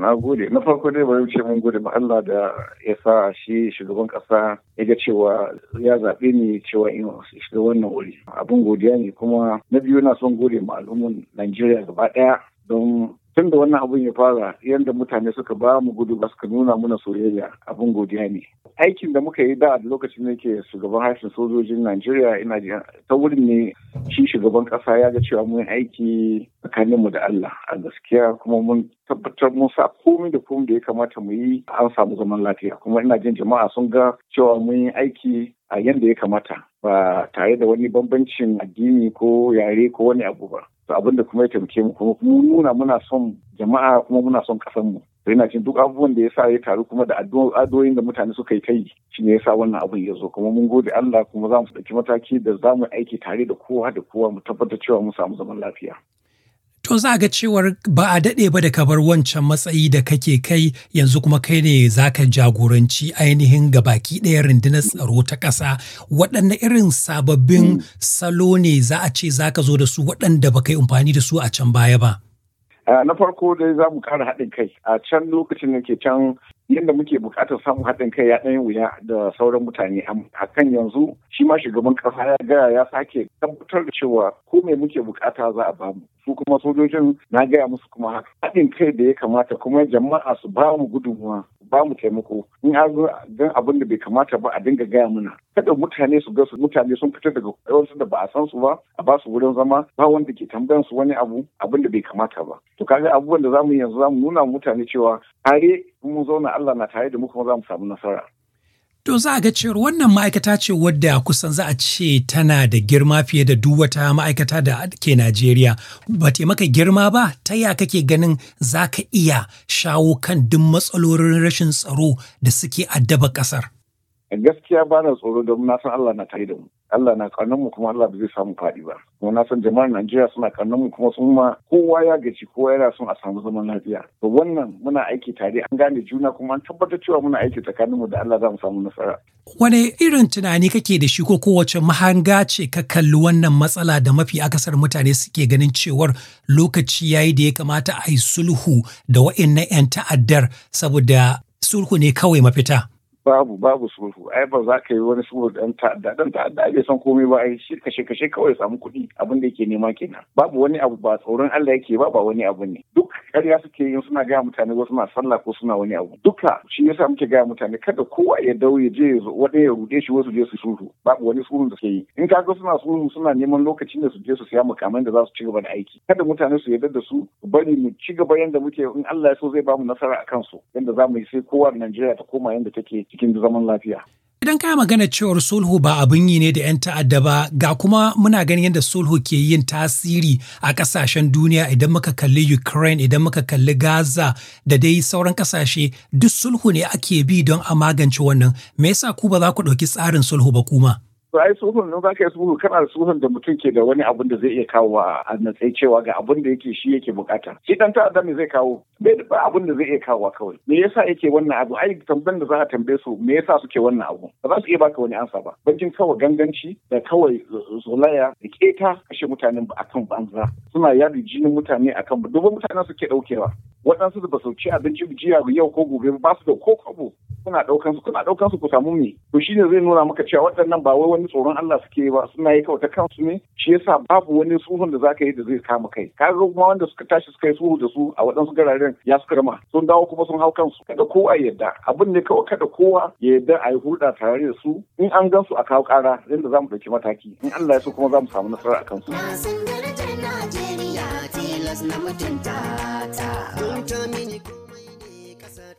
na gode na farko dai bari ce mun gode ma Allah da ya sa shi shugaban kasa ya ga cewa ya zaɓe ni cewa in shiga wannan wuri abin godiya ne kuma na biyu na son gode ma al'ummar Najeriya gaba ɗaya don tun da wannan abun ya fara yadda mutane suka ba mu gudu ba suka nuna muna soyayya abin godiya ne aikin da muka yi da lokacin da ke shugaban harshen sojojin najeriya ina ji ta wurin ne shi shugaban kasa ya ga cewa mun aiki tsakaninmu da allah a gaskiya kuma mun tabbatar mun sa komai da komai da ya kamata mu yi an samu zaman lafiya kuma ina jin jama'a sun ga cewa mun yi aiki a yadda ya kamata ba tare da wani bambancin addini ko yare ko wani abu ba abin da kuma ya taimake mu kuma mu nuna muna son jama'a kuma muna son kasan mu to cin duk abubuwan da ya sa ya taru kuma da addu'o'in da mutane suka yi kai shi ne ya sa wannan abin ya zo kuma mun gode Allah kuma za mu ɗauki mataki da za mu aiki tare da kowa da kowa mu tabbatar cewa mu samu zaman lafiya. to za ga cewar ba a daɗe ba da ka bar wancan matsayi da kake kai yanzu kuma kai ne za ka jagoranci ainihin ga baki ɗaya rundunar tsaro ta ƙasa waɗanne irin sababbin mm. salo ne za a ce za ka zo da su waɗanda ba kai amfani da su a can baya ba. Ah, na farko dai za mu ƙara haɗin kai a can lokacin da ke can yadda muke bukatar samun haɗin kai ya ɗan wuya da sauran mutane a kan yanzu shi ma shugaban ƙasa ya gaya ya sake tabbatar da cewa ko me muke bukata za a bamu su kuma sojojin na gaya musu kuma haɗin kai da ya kamata kuma jama'a su bamu gudunmuwa ba mu taimako in har gan abin da bai kamata ba a dinga gaya mana kada mutane su ga su mutane sun fita daga wasu da ba a san su ba a ba su wurin zama ba wanda ke tambayan su wani abu abin da bai kamata ba to kaga abubuwan da zamu yanzu zamu nuna mutane cewa tare mun zauna Allah na tare da mu kuma zamu samu nasara To za a ga cewar wannan ma'aikata ce wadda kusan za a ce tana da girma fiye da duk wata ma'aikata da ke Najeriya. Ba te maka girma ba ta ya kake ganin za ka iya shawo kan duk matsalolin rashin tsaro da suke addaba ƙasar. Gaskiya ba na tsoro don na san Allah na tare da mu. Allah na kanunmu mu kuma Allah ba zai samu faɗi ba kuma na san jama'ar Najeriya suna kanunmu mu kuma sun ma kowa ya gaci kowa yana son a samu zaman lafiya to wannan muna aiki tare an gane juna kuma an tabbatar cewa muna aiki tsakaninmu da Allah za mu samu nasara wane irin tunani kake da shi ko kowace mahanga ce ka kalli wannan matsala da mafi akasar mutane suke ganin cewar lokaci ya yi da ya kamata a yi sulhu da wa'annan 'yan ta'addar saboda sulhu ne kawai mafita babu babu sulhu ai ba za ka yi wani sulhu dan ta'adda dan ta'adda bai san komai ba ai shi kashe kashe kawai samu kuɗi abin da yake nema kenan babu wani abu ba tsoron Allah yake ba ba wani abu ne duk ƙarya suke yin suna gaya mutane wasu na sallah ko suna wani abu duka shi yasa muke gaya mutane kada kowa ya dau ya je wani ya rude shi wasu je su sulhu babu wani sulhu da suke yi in ka ga suna sulhu suna neman lokacin da su je su siya makaman da za su ci gaba da aiki kada mutane su yarda da su bari mu ci gaba yanda muke in Allah ya so zai bamu nasara akan su yanda za mu yi sai kowa Najeriya ta koma yanda take cikin zaman lafiya. Idan ka magana cewar sulhu ba abin yi ne da 'yan ta'adda ba ga kuma muna ganin yadda sulhu ke yin tasiri a kasashen duniya idan muka kalli Ukraine idan muka kalli Gaza da dai sauran kasashe duk sulhu ne ake bi don a magance wannan me yasa ku ba za ku ɗauki tsarin sulhu ba kuma? to ai sulhun nan zaka yi sulhu kana da sulhun da mutum ke da wani abun da zai iya kawo a natsai cewa ga abun da yake shi yake bukata shi dan ta'adda adam zai kawo bai da abun da zai iya kawo kawai me yasa yake wannan abu ai tambayan da za a tambaye su me yasa suke wannan abu ba za su iya baka wani ansa ba Bankin kawai ganganci da kawai zolaya da keta kashe mutanen ba akan banza suna yadi jinin mutane akan ba dubban mutanen suke daukewa waɗansu da ba su ci abinci jiya yau ko gobe ba su da ko kwabo kuna ɗaukan su kuna ɗaukan su ku samu me to shine zai nuna maka cewa waɗannan ba wai wani tsoron Allah suke ba suna yi kawai ta kansu ne shi yasa babu wani suhun da zaka yi da zai kama kai kaga kuma wanda suka tashi suka yi suhu da su a waɗansu gararen ya suka rama sun dawo kuma sun hau kansu kada kowa ya yarda abin ne kawai kada kowa ya yarda a yi hulɗa tare da su in an gan su a kawo ƙara yadda za mu ɗauki mataki in Allah ya so kuma za mu samu nasara a kansu. Najeriya tilas na mutunta ta.